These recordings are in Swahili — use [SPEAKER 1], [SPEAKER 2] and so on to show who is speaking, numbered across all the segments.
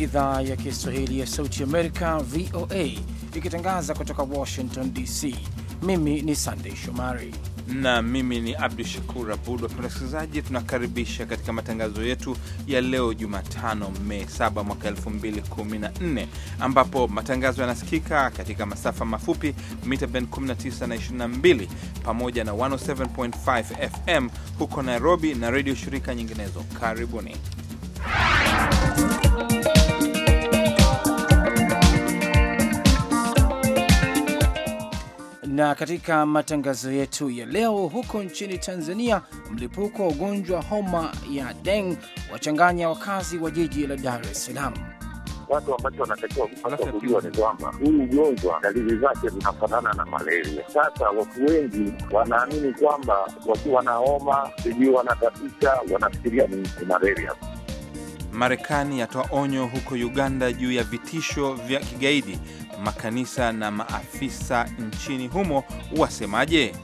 [SPEAKER 1] idhaa ya Kiswahili ya Sauti Amerika, VOA, ikitangaza kutoka Washington DC. Mimi ni Sandey
[SPEAKER 2] Shomari na mimi ni Abdu Shakur Abud. Wapenda wasikilizaji, tunakaribisha katika matangazo yetu ya leo Jumatano, Mei 7 mwaka 2014, ambapo matangazo yanasikika katika masafa mafupi mita bend 19 na 22 pamoja na 107.5 FM huko Nairobi na redio shirika nyinginezo. Karibuni
[SPEAKER 1] Na katika matangazo yetu ya leo, huko nchini Tanzania, mlipuko wa ugonjwa homa ya deng wachanganya wakazi wa jiji la Dar es Salaam.
[SPEAKER 3] Watu ambacho wanatakiwa kupata kujua ni kwamba huu ugonjwa dalili zake zinafanana na malaria. Sasa watu wengi wanaamini kwamba wakiwa na homa sijui wanatapika, wanafikiria ni malaria.
[SPEAKER 2] Marekani yatoa onyo huko Uganda juu ya vitisho vya kigaidi makanisa na maafisa nchini humo wasemaje?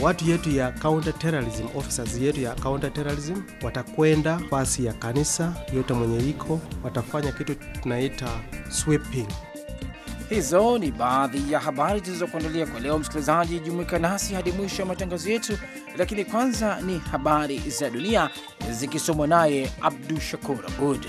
[SPEAKER 4] Watu yetu ya counter terrorism, officers yetu ya counter terrorism watakwenda fasi ya kanisa yote mwenye iko, watafanya kitu tunaita sweeping.
[SPEAKER 1] Hizo ni baadhi ya habari zilizokuandalia kwa leo. Msikilizaji, jumuika nasi hadi mwisho ya matangazo yetu, lakini kwanza ni habari za dunia zikisomwa naye Abdu Shakur Abud.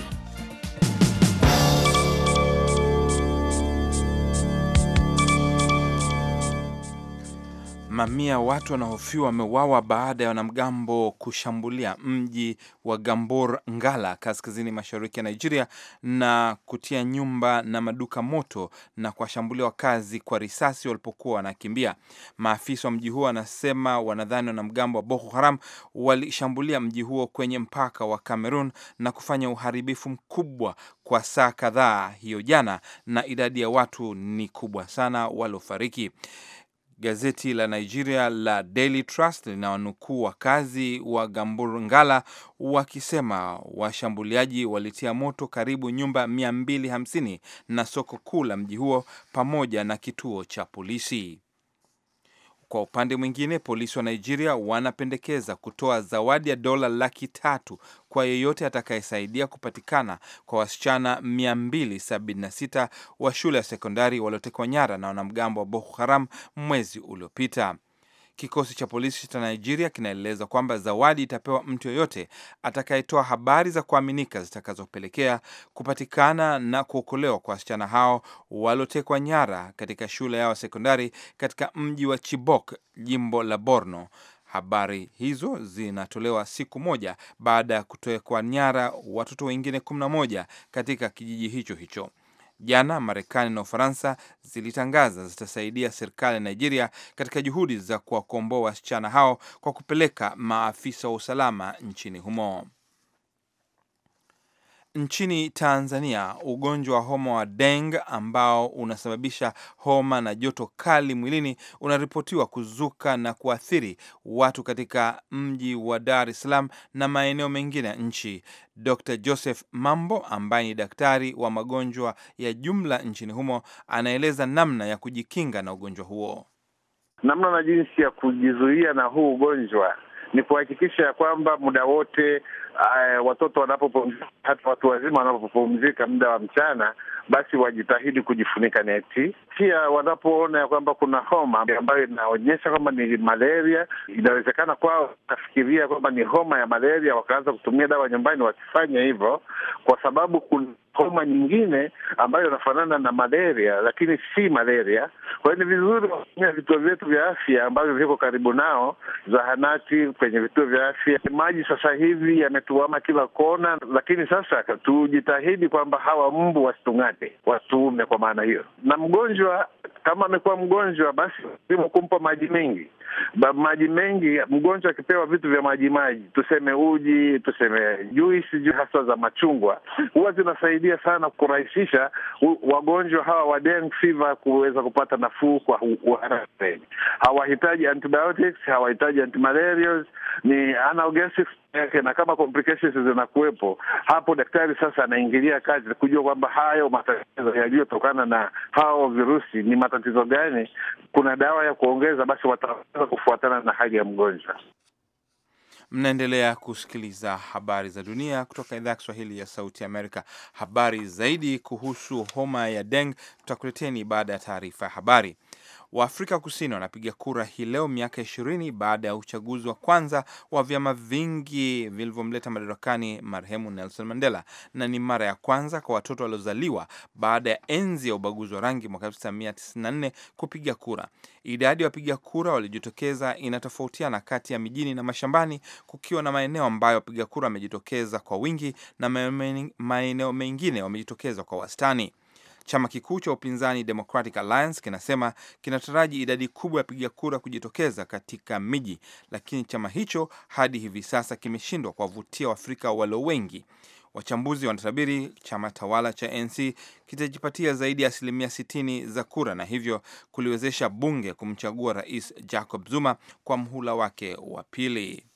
[SPEAKER 2] Mamia watu wanahofiwa wameuawa baada ya wanamgambo kushambulia mji wa Gambor Ngala kaskazini mashariki ya Nigeria na kutia nyumba na maduka moto na kuwashambulia wakazi kwa risasi walipokuwa wanakimbia. Maafisa wa mji huo wanasema wanadhani wanamgambo wa Boko Haram walishambulia mji huo kwenye mpaka wa Cameroon na kufanya uharibifu mkubwa kwa saa kadhaa hiyo jana, na idadi ya watu ni kubwa sana waliofariki. Gazeti la Nigeria la Daily Trust linawanukuu wakazi wa Gambur Ngala wakisema washambuliaji walitia moto karibu nyumba 250 na soko kuu la mji huo pamoja na kituo cha polisi. Kwa upande mwingine, polisi wa Nigeria wanapendekeza kutoa zawadi ya dola laki tatu kwa yeyote atakayesaidia kupatikana kwa wasichana 276 wa shule ya sekondari waliotekwa nyara na wanamgambo wa Boko Haram mwezi uliopita. Kikosi cha polisi cha Nigeria kinaeleza kwamba zawadi itapewa mtu yoyote atakayetoa habari za kuaminika zitakazopelekea kupatikana na kuokolewa kwa wasichana hao waliotekwa nyara katika shule yao sekondari katika mji wa Chibok, jimbo la Borno. Habari hizo zinatolewa siku moja baada ya kutekwa nyara watoto wengine 11 katika kijiji hicho hicho. Jana Marekani na Ufaransa zilitangaza zitasaidia serikali ya Nigeria katika juhudi za kuwakomboa wasichana hao kwa kupeleka maafisa wa usalama nchini humo. Nchini Tanzania, ugonjwa wa homa wa deng ambao unasababisha homa na joto kali mwilini unaripotiwa kuzuka na kuathiri watu katika mji wa Dar es Salaam na maeneo mengine ya nchi. Dr Joseph Mambo ambaye ni daktari wa magonjwa ya jumla nchini humo anaeleza namna ya kujikinga na ugonjwa huo,
[SPEAKER 3] namna na
[SPEAKER 5] jinsi ya kujizuia na huu ugonjwa ni kuhakikisha ya kwamba muda wote uh, watoto wanapopumzika, hata watu wazima wanapopumzika muda wa mchana, basi wajitahidi kujifunika neti. Pia wanapoona ya kwamba kuna homa ambayo inaonyesha kwamba ni malaria, inawezekana kwao wakafikiria kwamba ni homa ya malaria, wakaanza kutumia dawa nyumbani, wasifanye hivyo kwa sababu kuna homa nyingine ambayo inafanana na malaria, lakini si malaria. Kwa hiyo ni vizuri wafanya vituo vyetu vya afya ambavyo viko karibu nao, zahanati, kwenye vituo vya afya. Maji sasa hivi yametuama kila kona, lakini sasa tujitahidi kwamba hawa mbu wasitung'ate, wasitume Kwa maana hiyo, na mgonjwa kama amekuwa mgonjwa, basi lazima kumpa maji mengi maji mengi, mgonjwa akipewa vitu vya maji maji, tuseme uji, tuseme juisi hasa za machungwa, huwa zinasaidia sana kurahisisha wagonjwa hawa wa dengue fever kuweza kupata nafuu kwa haraka zaidi. Hawahitaji antibiotics, hawahitaji antimalarials, ni analgesics yake, na kama complications zinakuwepo hapo, daktari sasa anaingilia kati kujua kwamba hayo matatizo yaliyotokana na hao virusi ni matatizo gani, kuna dawa ya kuongeza, basi wataweza
[SPEAKER 3] kufuatana na hali ya mgonjwa.
[SPEAKER 2] Mnaendelea kusikiliza habari za dunia kutoka idhaa ya Kiswahili ya Sauti Amerika. Habari zaidi kuhusu homa ya dengue tutakuleteni baada ya taarifa ya habari. Waafrika Kusini wanapiga kura hii leo miaka ishirini baada ya uchaguzi wa kwanza wa vyama vingi vilivyomleta madarakani marehemu Nelson Mandela, na ni mara ya kwanza kwa watoto waliozaliwa baada ya enzi ya ubaguzi wa rangi mwaka 1994 kupiga kura. Idadi ya wapiga kura waliojitokeza inatofautiana kati ya mijini na mashambani, kukiwa na maeneo ambayo wapiga kura wamejitokeza kwa wingi na maeneo mengine wamejitokeza kwa wastani. Chama kikuu cha upinzani Democratic Alliance kinasema kinataraji idadi kubwa ya piga kura kujitokeza katika miji, lakini chama hicho hadi hivi sasa kimeshindwa kuwavutia Waafrika walio wengi. Wachambuzi wanatabiri chama tawala cha NC kitajipatia zaidi ya asilimia 60 za kura na hivyo kuliwezesha bunge kumchagua rais Jacob Zuma kwa mhula wake wa pili.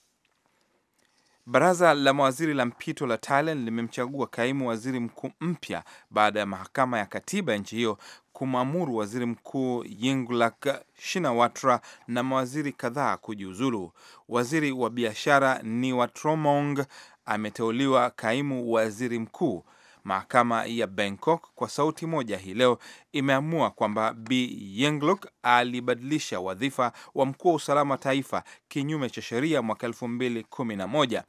[SPEAKER 2] Baraza la mawaziri la mpito la Thailand limemchagua kaimu waziri mkuu mpya baada ya mahakama ya katiba ya nchi hiyo kumwamuru waziri mkuu Yingluck Shinawatra na mawaziri kadhaa kujiuzulu. Waziri wa biashara Niwatromong ameteuliwa kaimu waziri mkuu. Mahakama ya Bangkok kwa sauti moja hii leo imeamua kwamba b Yingluck alibadilisha wadhifa wa mkuu wa usalama taifa kinyume cha sheria mwaka moja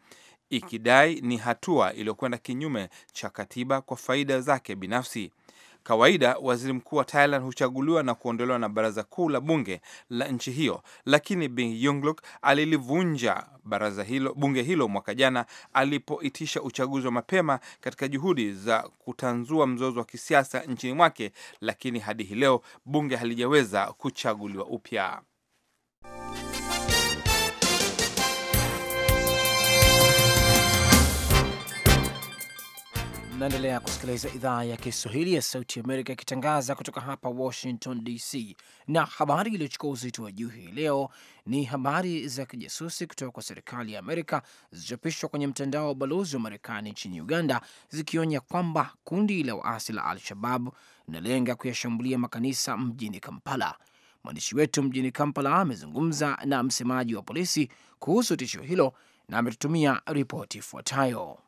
[SPEAKER 2] ikidai ni hatua iliyokwenda kinyume cha katiba kwa faida zake binafsi. Kawaida waziri mkuu wa Thailand huchaguliwa na kuondolewa na baraza kuu la bunge la nchi hiyo, lakini Bin Yingluck alilivunja baraza hilo, bunge hilo mwaka jana alipoitisha uchaguzi wa mapema katika juhudi za kutanzua mzozo wa kisiasa nchini mwake, lakini hadi hii leo bunge halijaweza kuchaguliwa upya.
[SPEAKER 1] Naendelea kusikiliza idhaa ya Kiswahili ya Sauti Amerika ikitangaza kutoka hapa Washington DC, na habari iliyochukua uzito wa juu hii leo ni habari za kijasusi kutoka kwa serikali ya Amerika zilizochapishwa kwenye mtandao wa balozi wa Marekani nchini Uganda, zikionya kwamba kundi la waasi la Al-Shabab linalenga kuyashambulia makanisa mjini Kampala. Mwandishi wetu mjini Kampala amezungumza na msemaji wa polisi kuhusu tishio hilo na ametutumia ripoti ifuatayo.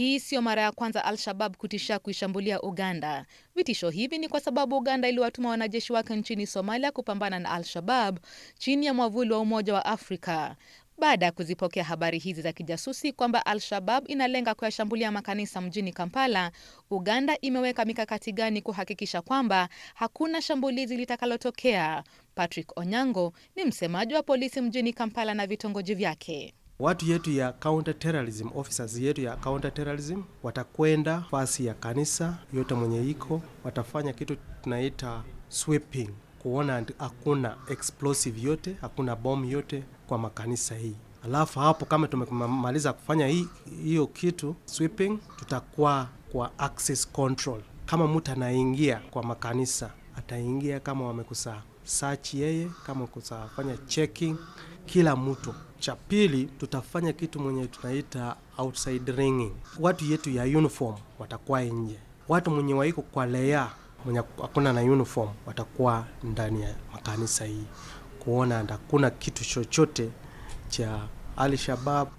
[SPEAKER 6] Hii siyo mara ya kwanza Al-Shabab kutishia kuishambulia Uganda. Vitisho hivi ni kwa sababu Uganda iliwatuma wanajeshi wake nchini Somalia kupambana na Al-Shabab chini ya mwavuli wa Umoja wa Afrika. Baada ya kuzipokea habari hizi za kijasusi kwamba Al-Shabab inalenga kuyashambulia makanisa mjini Kampala, Uganda imeweka mikakati gani kuhakikisha kwamba hakuna shambulizi litakalotokea? Patrick Onyango ni msemaji wa polisi mjini Kampala na vitongoji vyake
[SPEAKER 4] watu yetu ya counter terrorism officers yetu ya counter terrorism watakwenda fasi ya kanisa yote mwenye iko, watafanya kitu tunaita sweeping, kuona hakuna explosive yote, hakuna bomu yote kwa makanisa hii. Alafu hapo kama tumemaliza kufanya hii hiyo kitu sweeping, tutakuwa kwa access control. Kama mtu anaingia kwa makanisa, ataingia kama wamekusa search yeye, kama kusafanya checking kila mtu cha pili tutafanya kitu mwenye tunaita outside ringing. Watu yetu ya uniform watakuwa nje, watu mwenye waiko kwa leya mwenye hakuna na uniform watakuwa ndani ya makanisa hii, kuona hakuna kitu chochote cha Al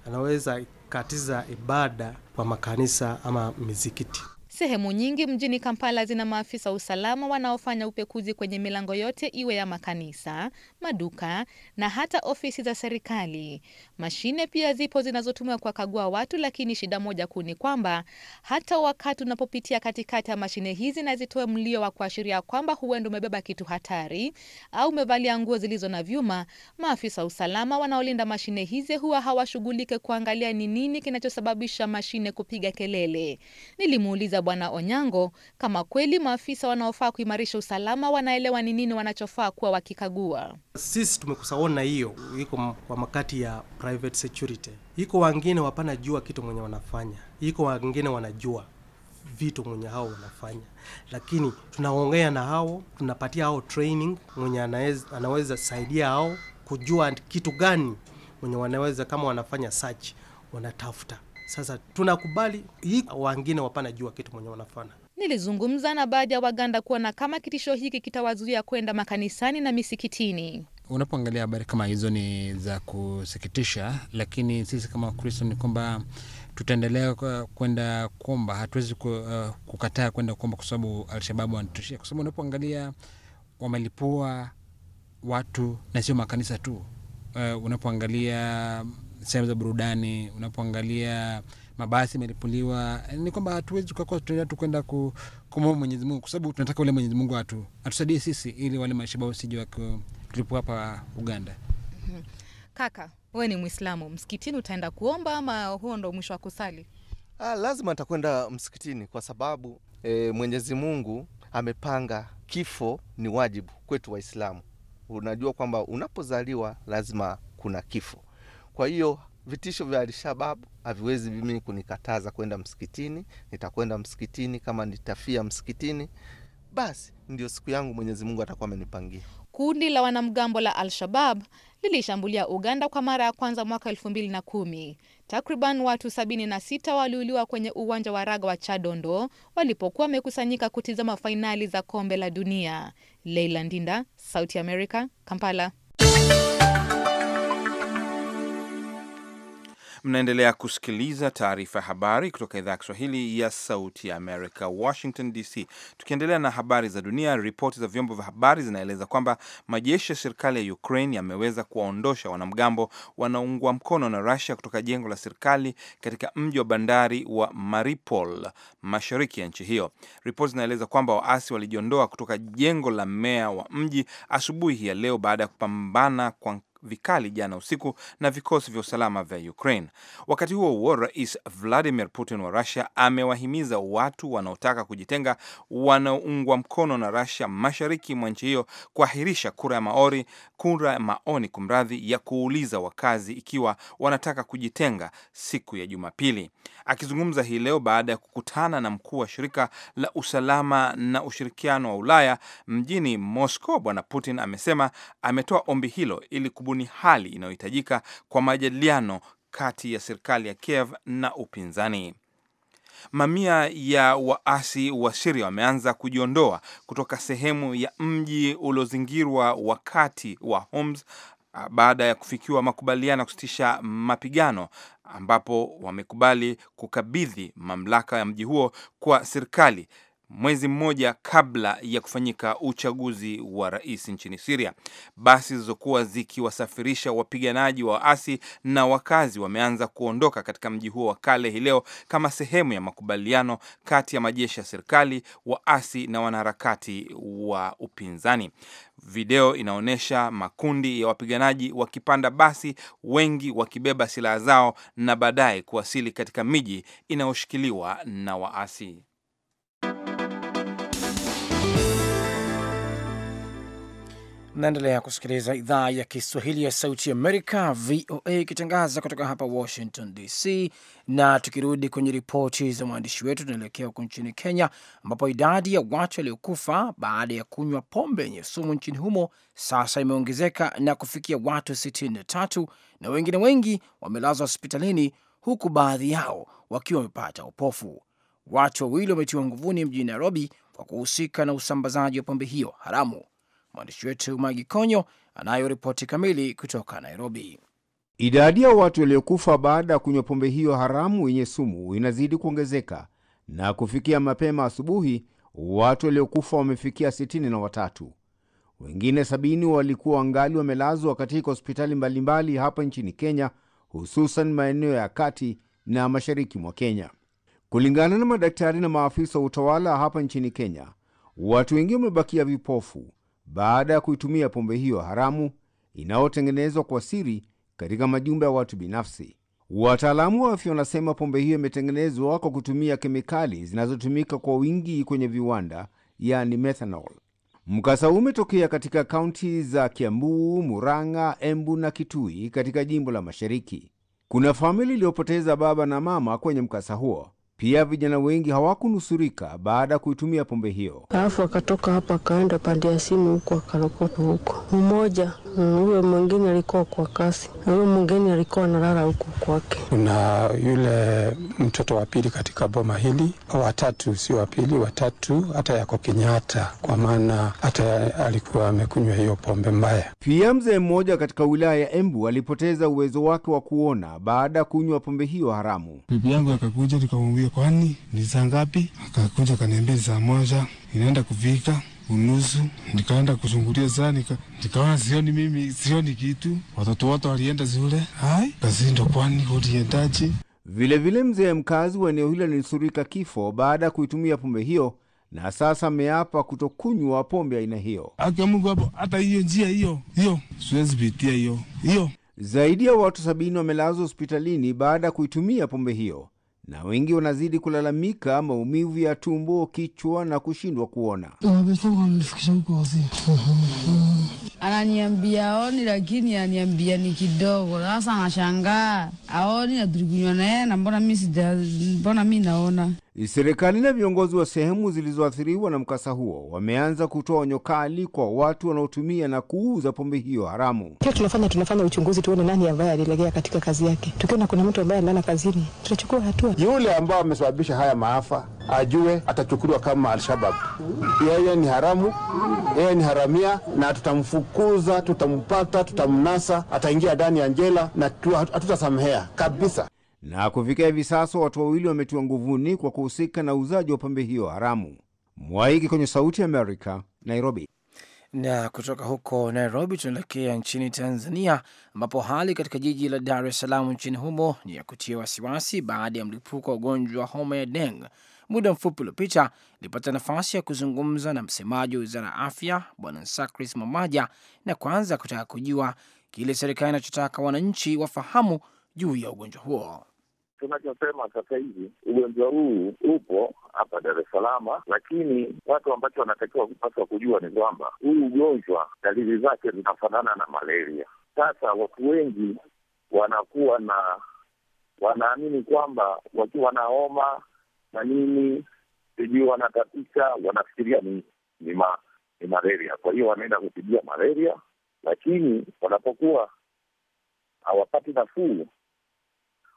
[SPEAKER 4] anaweza katiza ibada kwa makanisa ama mizikiti.
[SPEAKER 6] Sehemu nyingi mjini Kampala zina maafisa usalama wanaofanya upekuzi kwenye milango yote iwe ya makanisa, maduka na hata ofisi za serikali. Mashine pia zipo zinazotumiwa kuwakagua watu, lakini shida moja kuu ni kwamba hata wakati unapopitia katikati ya mashine hizi na zitoe mlio wa kuashiria kwamba huenda umebeba kitu hatari au umevalia nguo zilizo na vyuma, maafisa usalama wanaolinda mashine hizi huwa hawashughulike kuangalia ni nini kinachosababisha mashine kupiga kelele. Nilimuuliza Bwana Onyango kama kweli maafisa wanaofaa kuimarisha usalama wanaelewa ni nini wanachofaa kuwa wakikagua.
[SPEAKER 4] Sisi tumekusaona hiyo iko kwa makati ya private security, iko wangine wapana jua kitu mwenye wanafanya, iko wangine wanajua vitu mwenye hao wanafanya, lakini tunaongea na hao, tunapatia hao training mwenye anaweza, anaweza saidia hao kujua kitu gani mwenye wanaweza, kama wanafanya search wanatafuta sasa tunakubali hii, wangine wapana jua kitu mwenye wanafana.
[SPEAKER 6] Nilizungumza na baadhi ya Waganda kuona kama kitisho hiki kitawazuia kwenda makanisani na misikitini.
[SPEAKER 2] Unapoangalia habari kama hizo ni za kusikitisha, lakini sisi kama Wakristo ni kwamba tutaendelea kwenda kuomba, hatuwezi uh, kukataa kwenda kuomba kwa sababu Alshababu wanatushia, kwa sababu unapoangalia wamelipua watu na sio makanisa tu. Uh, unapoangalia sehemu za burudani, unapoangalia mabasi imelipuliwa, ni kwamba hatuwezi tukakuwa tunaenda tu kwenda kumwomba Mwenyezi Mungu, kwa sababu tunataka ule Mwenyezi Mungu atu atusaidie sisi, ili wale maisha bao sije wako tulipo hapa Uganda.
[SPEAKER 6] Mhm. Kaka wewe ni Mwislamu, msikitini utaenda kuomba ama huo ndo mwisho wa kusali?
[SPEAKER 4] Ah, lazima atakwenda msikitini kwa sababu e, Mwenyezi Mungu amepanga kifo ni wajibu kwetu Waislamu. Unajua kwamba unapozaliwa lazima kuna kifo. Kwa hiyo vitisho vya Alshababu haviwezi mimi kunikataza kwenda msikitini. Nitakwenda msikitini, kama nitafia msikitini, basi ndio siku yangu Mwenyezi Mungu atakuwa amenipangia.
[SPEAKER 6] Kundi la wanamgambo la Al-Shabab lilishambulia Uganda kwa mara ya kwanza mwaka elfu mbili na kumi. Takriban watu sita waliuliwa kwenye uwanja wa raga wa Chadondo walipokuwa wamekusanyika kutizama fainali za kombe la dunia. Leila Ndinda, Sauti America, Kampala.
[SPEAKER 2] Mnaendelea kusikiliza taarifa ya habari kutoka idhaa ya Kiswahili ya Sauti ya Amerika, Washington DC. Tukiendelea na habari za dunia, ripoti za vyombo vya habari zinaeleza kwamba majeshi ya serikali ya Ukraine yameweza kuwaondosha wanamgambo wanaungwa mkono na rasia kutoka jengo la serikali katika mji wa bandari wa Mariupol, mashariki ya nchi hiyo. Ripoti zinaeleza kwamba waasi walijiondoa kutoka jengo la meya wa mji asubuhi ya leo baada ya kupambana kwa vikali jana usiku na vikosi vya usalama vya Ukraine. Wakati huo huo, Rais Vladimir Putin wa Russia amewahimiza watu wanaotaka kujitenga wanaoungwa mkono na Russia mashariki mwa nchi hiyo kuahirisha kura ya maori, kura ya maoni kumradhi, ya kuuliza wakazi ikiwa wanataka kujitenga siku ya Jumapili. Akizungumza hii leo baada ya kukutana na mkuu wa shirika la usalama na ushirikiano wa Ulaya mjini Moscow, Bwana Putin amesema ametoa ombi hilo ili ni hali inayohitajika kwa majadiliano kati ya serikali ya Kiev na upinzani. Mamia ya waasi wa Siria wameanza kujiondoa kutoka sehemu ya mji uliozingirwa wakati wa Homs ah, baada ya kufikiwa makubaliano ya kusitisha mapigano ambapo wamekubali kukabidhi mamlaka ya mji huo kwa serikali mwezi mmoja kabla ya kufanyika uchaguzi wa rais nchini Siria. Basi zilizokuwa zikiwasafirisha wapiganaji wa waasi na wakazi wameanza kuondoka katika mji huo wa kale hii leo kama sehemu ya makubaliano kati ya majeshi ya serikali, waasi na wanaharakati wa upinzani. Video inaonyesha makundi ya wapiganaji wakipanda basi, wengi wakibeba silaha zao na baadaye kuwasili katika miji inayoshikiliwa na waasi.
[SPEAKER 1] Naendelea kusikiliza idhaa ya Kiswahili ya Sauti Amerika, VOA, ikitangaza kutoka hapa Washington DC. Na tukirudi kwenye ripoti za mwandishi wetu, tunaelekea huko nchini Kenya, ambapo idadi ya watu waliokufa baada ya kunywa pombe yenye sumu nchini humo sasa imeongezeka na kufikia watu 63 na wengine wengi wamelazwa hospitalini, huku baadhi yao wakiwa wamepata upofu. Watu wawili wametiwa nguvuni mjini Nairobi kwa kuhusika na usambazaji wa pombe hiyo haramu. Mwandishi wetu Magi Konyo anayo ripoti kamili kutoka Nairobi.
[SPEAKER 7] Idadi ya watu waliokufa baada ya kunywa pombe hiyo haramu yenye sumu inazidi kuongezeka na kufikia mapema asubuhi, watu waliokufa wamefikia sitini na watatu. Wengine sabini walikuwa wangali wamelazwa katika hospitali mbalimbali hapa nchini Kenya, hususan maeneo ya kati na mashariki mwa Kenya. Kulingana na madaktari na maafisa wa utawala hapa nchini Kenya, watu wengi wamebakia vipofu baada ya kuitumia pombe hiyo haramu inayotengenezwa kwa siri katika majumba ya watu binafsi. Wataalamu wa afya wanasema pombe hiyo imetengenezwa kwa kutumia kemikali zinazotumika kwa wingi kwenye viwanda, yani methanol. Mkasa huu umetokea katika kaunti za Kiambu, Murang'a, Embu na Kitui katika jimbo la Mashariki. Kuna famili iliyopoteza baba na mama kwenye mkasa huo. Pia vijana wengi hawakunusurika baada ya kuitumia pombe hiyo. Alafu akatoka
[SPEAKER 8] hapa akaenda pande ya simu huko akarokota huko, mmoja mm, huyo mwingine alikuwa kwa kasi, huyo mwingine alikuwa analala huko kwake.
[SPEAKER 7] Kuna yule mtoto wa pili katika boma hili, watatu, sio wa pili, watatu, hata yako Kenyatta, kwa maana hata alikuwa amekunywa hiyo pombe mbaya. Pia mzee mmoja katika wilaya ya Embu alipoteza uwezo wake wa kuona baada ya kunywa pombe hiyo haramu. Bibi yangu akakuja tukamwambia kwani ni za ngapi? Akakuja kaniambia za moja inaenda kuvika unusu. Nikaenda kuchungulia saa nika, nikaona sioni mimi sioni kitu, watoto wote walienda zule ai kazindo, kwani uliendaje? Vilevile mzee mkazi wa eneo hilo alinusurika kifo baada ya kuitumia pombe hiyo na sasa ameapa kutokunywa pombe aina hiyo. Haki Mungu hapo, hata hiyo njia hiyo hiyo siwezi pitia hiyo hiyo. Zaidi ya watu sabini wamelazwa hospitalini baada ya kuitumia pombe hiyo na wengi wanazidi kulalamika maumivu ya tumbo, kichwa na kushindwa kuona.
[SPEAKER 6] Ananiambia aoni, lakini ananiambia ni kidogo. Sasa anashangaa aoni, na tulikunywa naye na mbona mi naona
[SPEAKER 7] Serikali na viongozi wa sehemu zilizoathiriwa na mkasa huo wameanza kutoa onyo kali kwa watu wanaotumia na kuuza pombe hiyo haramu.
[SPEAKER 6] Pia tunafanya tunafanya uchunguzi tuone nani ambaye alilegea katika kazi yake. Tukiona kuna mtu ambaye analala kazini, tutachukua hatua. Yule
[SPEAKER 7] ambao amesababisha haya maafa ajue atachukuliwa kama Alshabab. Yeye ni haramu, yeye ni haramia, na tutamfukuza, tutampata, tutamnasa, ataingia ndani ya jela na hatutasamehea kabisa na kufikia hivi sasa watu wawili wametiwa nguvuni kwa kuhusika na uuzaji wa pombe hiyo haramu. Mwaiki kwenye Sauti ya Amerika, Nairobi. Na kutoka huko
[SPEAKER 1] Nairobi tunaelekea nchini Tanzania, ambapo hali katika jiji la Dar es Salaam nchini humo ni ya kutia wasiwasi baada ya mlipuko wa ugonjwa wa homa ya deng. Muda mfupi uliopita nilipata nafasi ya kuzungumza na msemaji wa wizara ya afya Bwana sakris Mamaja, na kwanza kutaka kujua kile serikali inachotaka wananchi wafahamu juu ya ugonjwa huo
[SPEAKER 3] tunachosema sasa hivi ugonjwa huu upo hapa Dar es Salaam, lakini watu ambacho wanatakiwa kupaswa kujua ni kwamba huu ugonjwa dalili zake zinafanana na malaria. Sasa watu wengi wanakuwa na wanaamini kwamba wakiwa na homa na nini sijui wanatatisha, wanafikiria ni ni, ma, ni malaria, kwa hiyo wanaenda kutibia malaria, lakini wanapokuwa hawapati nafuu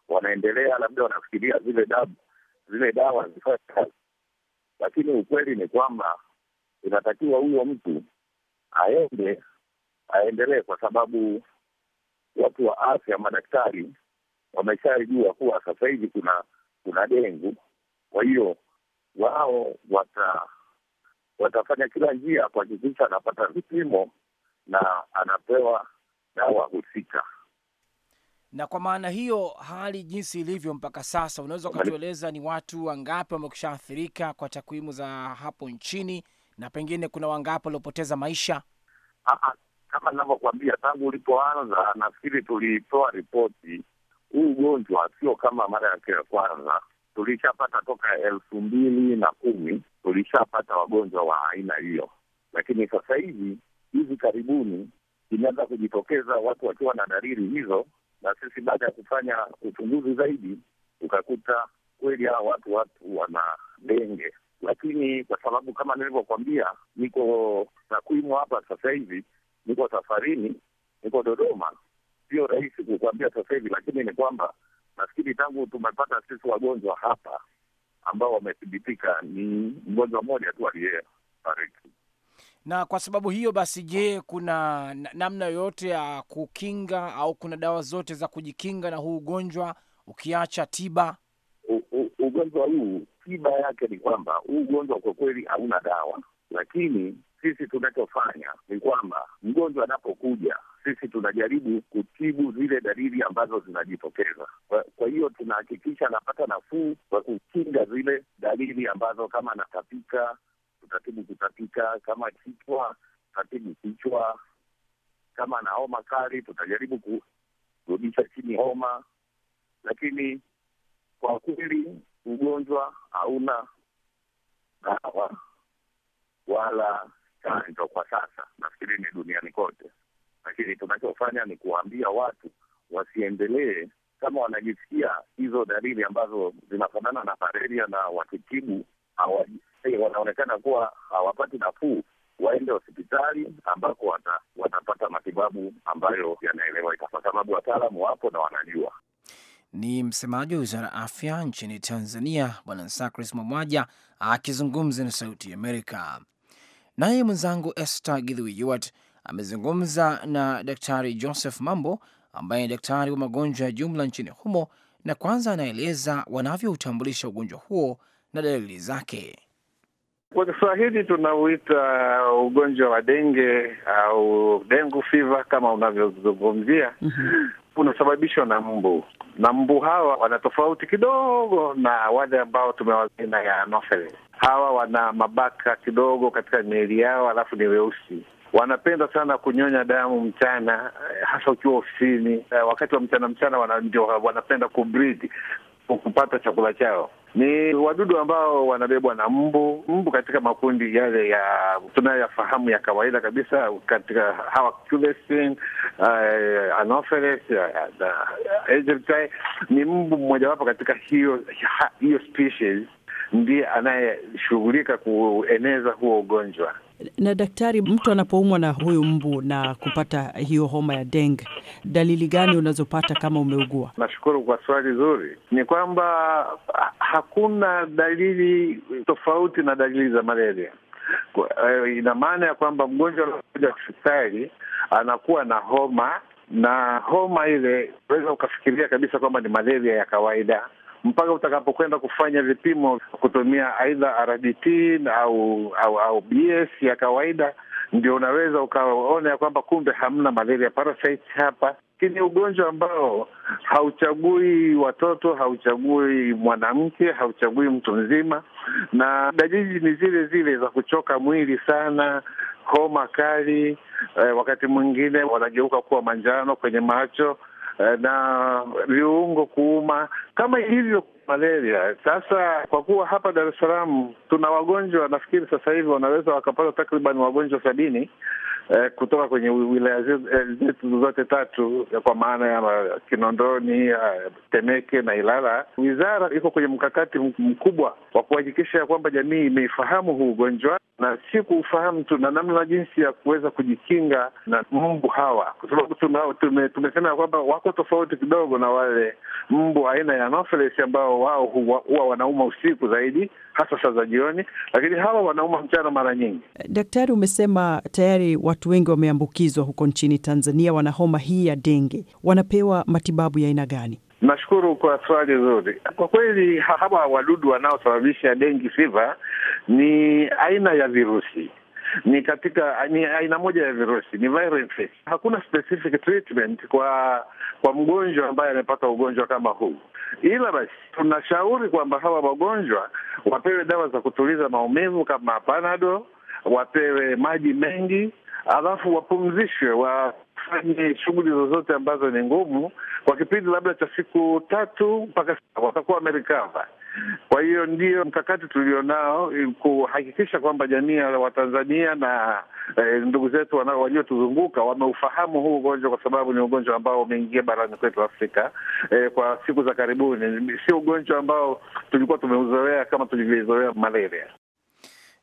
[SPEAKER 3] wanaendelea labda wanafikiria zile dawa zile dawa zifanye kazi, lakini ukweli ni kwamba inatakiwa huyo mtu aende aendelee, kwa sababu watu wa afya, madaktari wameshajua kuwa sasa hivi kuna kuna dengu. Kwa hiyo wao wata watafanya kila njia kuhakikisha anapata vipimo na anapewa dawa husika
[SPEAKER 1] na kwa maana hiyo hali jinsi ilivyo mpaka sasa, unaweza ukatueleza ni watu wangapi wamekushaathirika kwa takwimu za hapo nchini na pengine kuna wangapi waliopoteza maisha?
[SPEAKER 3] Aha, kama ninavyokuambia tangu ulipoanza, nafikiri tulitoa ripoti, huu ugonjwa sio kama mara yake ya kwanza. Tulishapata toka elfu mbili na kumi tulishapata wagonjwa wa aina hiyo, lakini sasa hivi hivi karibuni imeanza kujitokeza watu wakiwa na dalili hizo na sisi baada ya kufanya uchunguzi zaidi tukakuta kweli hawa watu watu wana denge, lakini kwa sababu kama nilivyokwambia, niko takwimu hapa sasa hivi, niko safarini, niko Dodoma, sio rahisi kukuambia sasa hivi, lakini ni kwamba nafikiri tangu tumepata sisi wagonjwa hapa ambao wamethibitika, ni mgonjwa mmoja tu aliyefariki.
[SPEAKER 1] Na kwa sababu hiyo basi, je, kuna namna yoyote ya kukinga au kuna dawa zote za kujikinga na huu ugonjwa ukiacha tiba?
[SPEAKER 3] Ugonjwa huu tiba yake ni kwamba huu ugonjwa kwa kweli hauna dawa, lakini sisi tunachofanya ni kwamba mgonjwa anapokuja, sisi tunajaribu kutibu zile dalili ambazo zinajitokeza. Kwa hiyo tunahakikisha anapata nafuu kwa kukinga zile dalili ambazo, kama anatapika kutatibu kutapika, kama kichwa tatibu kichwa, kama na homa kali tutajaribu kurudisha chini homa, lakini kwa kweli ugonjwa hauna dawa wala chanjo kwa sasa, nafikiri ni duniani kote. Lakini tunachofanya ni kuwaambia watu wasiendelee, kama wanajisikia hizo dalili ambazo zinafanana na malaria na wakitibu wanaonekana kuwa hawapati nafuu, waende hospitali ambako wata, watapata matibabu ambayo yanaeleweka, kwa sababu wataalamu wapo na wanajua.
[SPEAKER 1] Ni msemaji wa wizara ya afya nchini Tanzania, Bwana sakris Mamwaja akizungumza na Sauti ya Amerika. Naye mwenzangu Esther Githui Yuart amezungumza na Daktari Joseph Mambo ambaye ni daktari wa magonjwa ya jumla nchini humo, na kwanza anaeleza wanavyoutambulisha ugonjwa huo na dalili zake.
[SPEAKER 5] Kwa Kiswahili tunauita uh, ugonjwa wa denge au dengu fiva kama unavyozungumzia. Mhm. Unasababishwa na mbu, na mbu hawa wana tofauti kidogo na wale ambao tumewazina ya nofele. Hawa wana mabaka kidogo katika miili yao, alafu ni weusi wanapenda sana kunyonya damu mchana, eh, hasa ukiwa ofisini. Eh, wakati wa mchana mchana, ndio wanapenda kubridi kupata chakula chao ni wadudu ambao wanabebwa na mbu. Mbu katika makundi yale ya tunayoyafahamu ya kawaida kabisa, katika hawa culesin, uh, anopheles, uh, uh, ni mbu mmojawapo katika hiyo hiyo species ndiye anayeshughulika kueneza huo ugonjwa.
[SPEAKER 4] Na daktari, mtu anapoumwa na huyu mbu na kupata hiyo homa ya deng, dalili gani unazopata kama umeugua?
[SPEAKER 5] Nashukuru kwa swali zuri. Ni kwamba hakuna dalili tofauti na dalili za malaria. Eh, ina maana ya kwamba mgonjwa anakuja hospitali anakuwa na homa, na homa ile unaweza ukafikiria kabisa kwamba ni malaria ya kawaida mpaka utakapokwenda kufanya vipimo kutumia aidha RDT au au au BS ya kawaida, ndio unaweza ukaona ya kwamba kumbe hamna malaria parasite hapa. Ni ugonjwa ambao hauchagui watoto, hauchagui mwanamke, hauchagui mtu mzima, na dalili ni zile zile za kuchoka mwili sana, homa kali, eh, wakati mwingine wanageuka kuwa manjano kwenye macho Eh, na viungo kuuma kama ilivyo malaria. Sasa kwa kuwa hapa Dar es Salaam tuna wagonjwa, nafikiri sasa hivi wanaweza wakapata takriban wagonjwa sabini eh, kutoka kwenye wilaya eh, zetu zote tatu, eh, kwa maana ya Kinondoni, Temeke na Ilala. Wizara iko kwenye mkakati mkubwa wa kuhakikisha ya kwamba jamii imeifahamu huu ugonjwa na si kuufahamu tu, na namna na jinsi ya kuweza kujikinga na mbu hawa, kwa sababu tume, tumesema ya kwamba wako tofauti kidogo na wale mbu aina ya anopheles ambao wao huwa wanauma usiku zaidi, hasa saa za jioni, lakini hawa wanauma mchana mara nyingi.
[SPEAKER 7] Daktari,
[SPEAKER 4] umesema tayari wa watu wengi wameambukizwa huko nchini Tanzania wana homa hii ya denge, wanapewa matibabu ya aina gani?
[SPEAKER 5] Nashukuru kwa swali zuri. Kwa kweli, hawa wadudu wanaosababisha dengi fiva ni aina ya virusi ni katika ni aina moja ya virusi, ni viral infection. Hakuna specific treatment kwa kwa mgonjwa ambaye amepata ugonjwa kama huu, ila basi tunashauri kwamba hawa wagonjwa wapewe dawa za kutuliza maumivu kama Panadol wapewe maji mengi, alafu wapumzishwe, wafanye shughuli zozote ambazo ni ngumu kwa kipindi labda cha siku tatu mpaka watakuwa wamerikava. Kwa hiyo ndio mkakati tulionao kuhakikisha kwamba jamii ya Watanzania na e, ndugu zetu waliotuzunguka wameufahamu huu ugonjwa, kwa sababu ni ugonjwa ambao umeingia barani kwetu Afrika e, kwa siku za karibuni. Sio ugonjwa ambao tulikuwa tumeuzoea kama tulivyozoea malaria.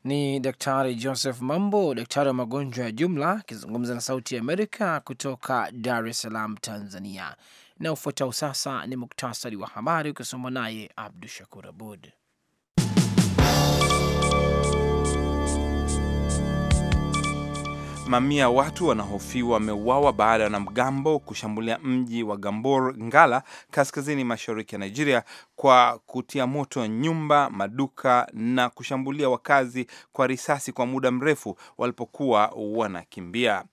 [SPEAKER 1] Ni Daktari Joseph Mambo, daktari wa magonjwa ya jumla, akizungumza na Sauti ya Amerika kutoka Dar es Salaam, Tanzania. Na ufuatao sasa ni muktasari wa habari ukisoma naye Abdu Shakur Abud.
[SPEAKER 2] Mamia watu wanahofiwa wameuawa baada ya wanamgambo kushambulia mji wa Gambor Ngala kaskazini mashariki ya Nigeria kwa kutia moto nyumba, maduka na kushambulia wakazi kwa risasi kwa muda mrefu walipokuwa wanakimbia.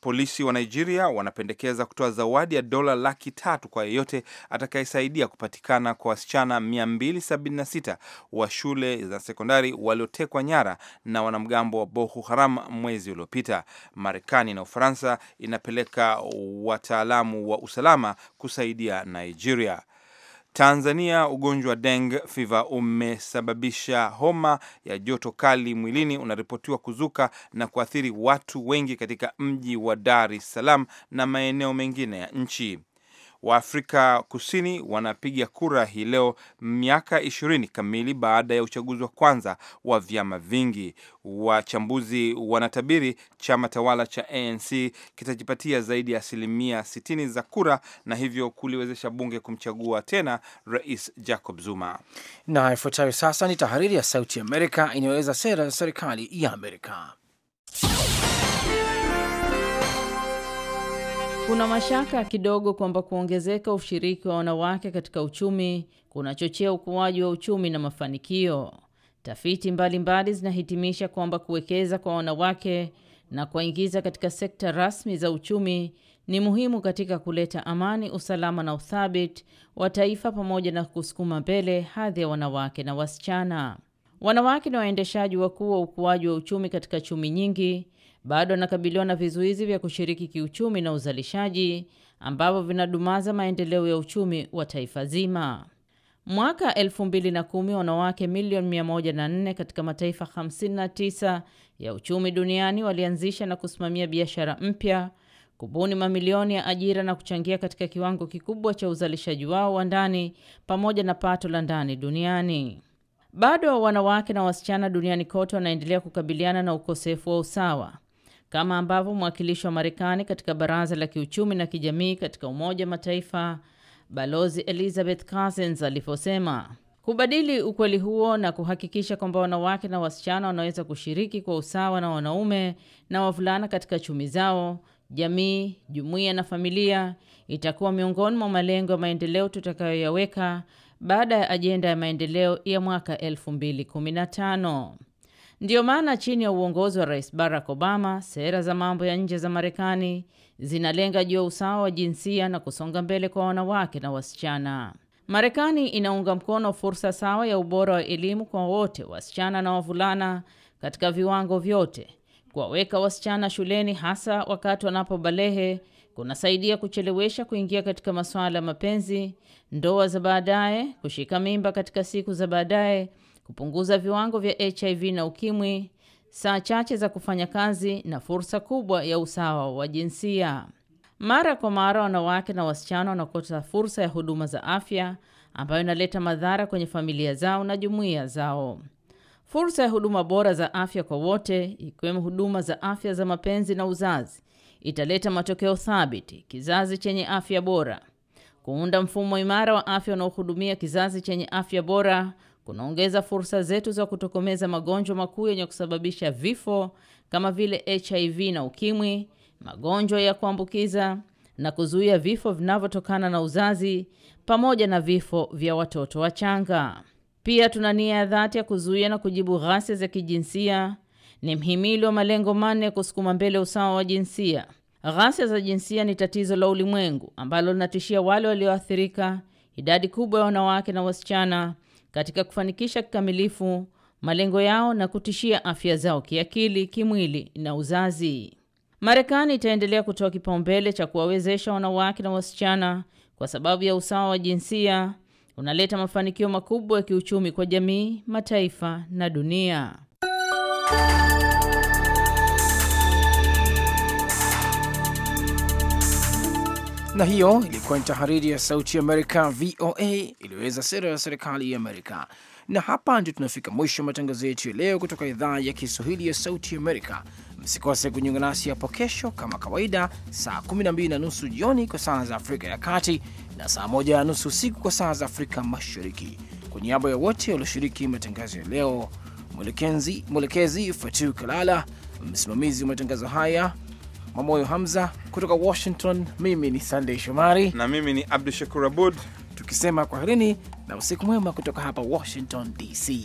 [SPEAKER 2] Polisi wa Nigeria wanapendekeza kutoa zawadi ya dola laki tatu kwa yeyote atakayesaidia kupatikana kwa wasichana 276 wa shule za sekondari waliotekwa nyara na wanamgambo wa Boko Haram mwezi uliopita. Marekani na Ufaransa inapeleka wataalamu wa usalama kusaidia Nigeria. Tanzania, ugonjwa dengue fever umesababisha homa ya joto kali mwilini unaripotiwa kuzuka na kuathiri watu wengi katika mji wa Dar es Salaam na maeneo mengine ya nchi wa Afrika Kusini wanapiga kura hii leo miaka ishirini kamili baada ya uchaguzi wa kwanza wa vyama vingi. Wachambuzi wanatabiri chama tawala cha ANC kitajipatia zaidi ya asilimia 60 za kura na hivyo kuliwezesha bunge kumchagua tena Rais Jacob Zuma.
[SPEAKER 1] Na ifuatayo sasa ni tahariri ya Sauti Amerika inayoeleza sera za serikali ya
[SPEAKER 8] Amerika. Kuna mashaka kidogo kwamba kuongezeka ushiriki wa wanawake katika uchumi kunachochea ukuaji wa uchumi na mafanikio. Tafiti mbalimbali zinahitimisha kwamba kuwekeza kwa wanawake na kuwaingiza katika sekta rasmi za uchumi ni muhimu katika kuleta amani, usalama na uthabiti wa taifa pamoja na kusukuma mbele hadhi ya wanawake na wasichana. Wanawake ni waendeshaji wakuu wa ukuaji wa uchumi katika chumi nyingi bado anakabiliwa na vizuizi vya kushiriki kiuchumi na uzalishaji ambavyo vinadumaza maendeleo ya uchumi wa taifa zima. Mwaka 2010 wanawake milioni 104 katika mataifa 59 ya uchumi duniani walianzisha na kusimamia biashara mpya, kubuni mamilioni ya ajira na kuchangia katika kiwango kikubwa cha uzalishaji wao wa ndani pamoja na pato la ndani duniani. Bado wanawake na wasichana duniani kote wanaendelea kukabiliana na ukosefu wa usawa, kama ambavyo mwakilishi wa Marekani katika baraza la kiuchumi na kijamii katika Umoja wa Mataifa Balozi Elizabeth Cousins alivyosema. Kubadili ukweli huo na kuhakikisha kwamba wanawake na wasichana wanaweza kushiriki kwa usawa na wanaume na wavulana katika chumi zao, jamii, jumuiya na familia itakuwa miongoni mwa malengo ya maendeleo tutakayoyaweka baada ya ajenda ya maendeleo ya mwaka 2015. Ndiyo maana chini ya uongozi wa Rais Barack Obama, sera za mambo ya nje za Marekani zinalenga juu ya usawa wa jinsia na kusonga mbele kwa wanawake na wasichana. Marekani inaunga mkono fursa sawa ya ubora wa elimu kwa wote, wasichana na wavulana, katika viwango vyote. Kuwaweka wasichana shuleni hasa wakati wanapobalehe kunasaidia kuchelewesha kuingia katika masuala ya mapenzi, ndoa za baadaye, kushika mimba katika siku za baadaye kupunguza viwango vya HIV na ukimwi, saa chache za kufanya kazi na fursa kubwa ya usawa wa jinsia. Mara kwa mara wanawake na wasichana wanakosa fursa ya huduma za afya ambayo inaleta madhara kwenye familia zao na jumuiya zao. Fursa ya huduma bora za afya kwa wote, ikiwemo huduma za afya za mapenzi na uzazi, italeta matokeo thabiti, kizazi chenye afya bora. Kuunda mfumo imara wa afya unaohudumia kizazi chenye afya bora kunaongeza fursa zetu za kutokomeza magonjwa makuu yenye kusababisha vifo kama vile HIV na ukimwi, magonjwa ya kuambukiza na kuzuia vifo vinavyotokana na uzazi pamoja na vifo vya watoto wachanga. Pia tuna nia ya dhati ya kuzuia na kujibu ghasia za kijinsia. Ni mhimili wa malengo manne ya kusukuma mbele usawa wa jinsia. Ghasia za jinsia ni tatizo la ulimwengu ambalo linatishia wale walioathirika, idadi kubwa ya wanawake na wasichana katika kufanikisha kikamilifu malengo yao na kutishia afya zao kiakili, kimwili na uzazi. Marekani itaendelea kutoa kipaumbele cha kuwawezesha wanawake na wasichana kwa sababu ya usawa wa jinsia unaleta mafanikio makubwa ya kiuchumi kwa jamii, mataifa na dunia. Na hiyo
[SPEAKER 1] ilikuwa ni tahariri ya Sauti ya Amerika, VOA, iliyoweza sera ya serikali ya Amerika. Na hapa ndio tunafika mwisho wa matangazo yetu ya leo kutoka idhaa ya Kiswahili ya Sauti Amerika. Msikose kujiunga nasi hapo kesho kama kawaida, saa 12 na nusu jioni kwa saa za Afrika ya Kati na saa 1 na nusu usiku kwa saa za Afrika Mashariki. Kwa niaba ya wote walioshiriki matangazo ya leo, mwelekezi fatu Kalala, msimamizi wa matangazo haya Mamoyo Hamza kutoka Washington. Mimi ni Sandey Shomari na mimi ni Abdu Shakur Abud, tukisema kwaherini na usiku mwema kutoka hapa Washington DC.